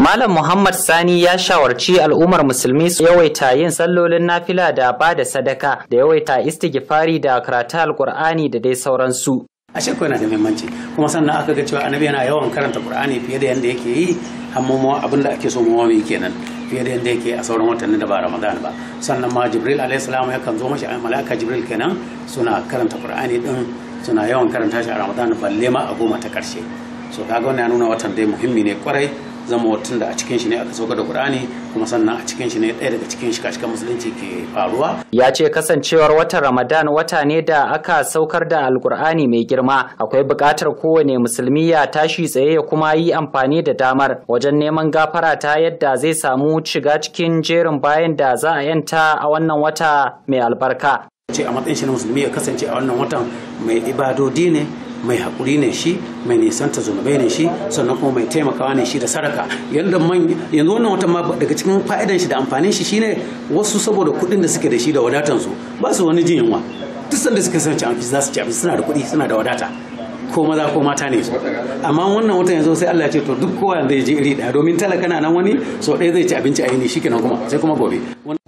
Malam Muhammad Sani ya shawarci al'ummar musulmi su yawaita yin sallolin nafila da ba da sadaka da yawaita istighfari da karatu alkur'ani da dai sauransu. Ashe ko yana da muhimmanci kuma sannan aka ga cewa annabi yana yawan karanta Qur'ani fiye da yanda yake yi amma mu abin da ake so mu wani kenan fiye da yanda yake a sauran watanni da ba Ramadan ba sannan ma Jibril alayhi salam kan zo mashi malaka Jibril kenan suna karanta Qur'ani din suna yawan karanta shi a Ramadan balle ma a goma ta karshe so kaga wannan ya nuna watan dai muhimmi ne kwarai zama watan da a cikin shi ne aka sauka da Qur'ani kuma sannan a cikin shi ne ɗaya daga cikin shi kashikan musulunci ke faruwa. Ya ce kasancewar watan Ramadan wata ne da aka saukar da Alkur'ani mai girma akwai buƙatar kowane musulmi ya tashi tsaye ya kuma yi amfani da damar wajen neman gafara ta yadda zai samu shiga cikin jerin bayan da za a yanta a wannan wata mai albarka. Ce a matsayin shi na musulmi ya kasance a wannan watan mai ibadodi ne mai haƙuri ne shi mai nisanta zunubai ne shi sannan kuma mai taimakawa ne shi da saraka yadda man yanzu wannan watan ma daga cikin fa'idan shi da amfanin shi shine wasu saboda kuɗin da suke da shi da wadatan su ba su wani jin yunwa duk sanda suke son cin za su ci abinci suna da kuɗi suna da wadata ko maza ko mata ne su amma wannan watan yanzu sai Allah ya ce to duk kowa zai je iri ɗaya domin talaka na nan wani so ɗaya zai ci abinci a yini shikenan kuma sai kuma gobe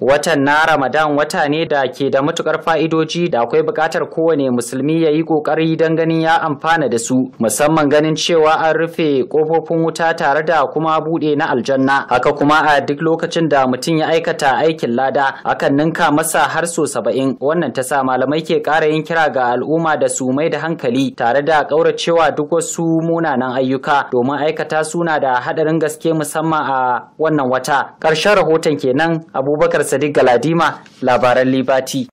Watan na Ramadan wata ne da ke da matukar fa'idoji da akwai buƙatar kowane musulmi ya yi ƙoƙari don ganin ya amfana da su, musamman ganin cewa an rufe ƙofofin wuta tare da kuma buɗe na aljanna. Haka kuma a duk lokacin da mutum ya aikata aikin lada, akan ninka masa har so saba'in. Wannan ta sa malamai ke ƙara yin kira ga al'umma da su mai da hankali tare da ƙauracewa duk wasu munanan ayyuka domin aikata suna da haɗarin gaske musamman a wannan wata. Ƙarshen rahoton kenan Abubakar Sadiq Galadima labaran Libati.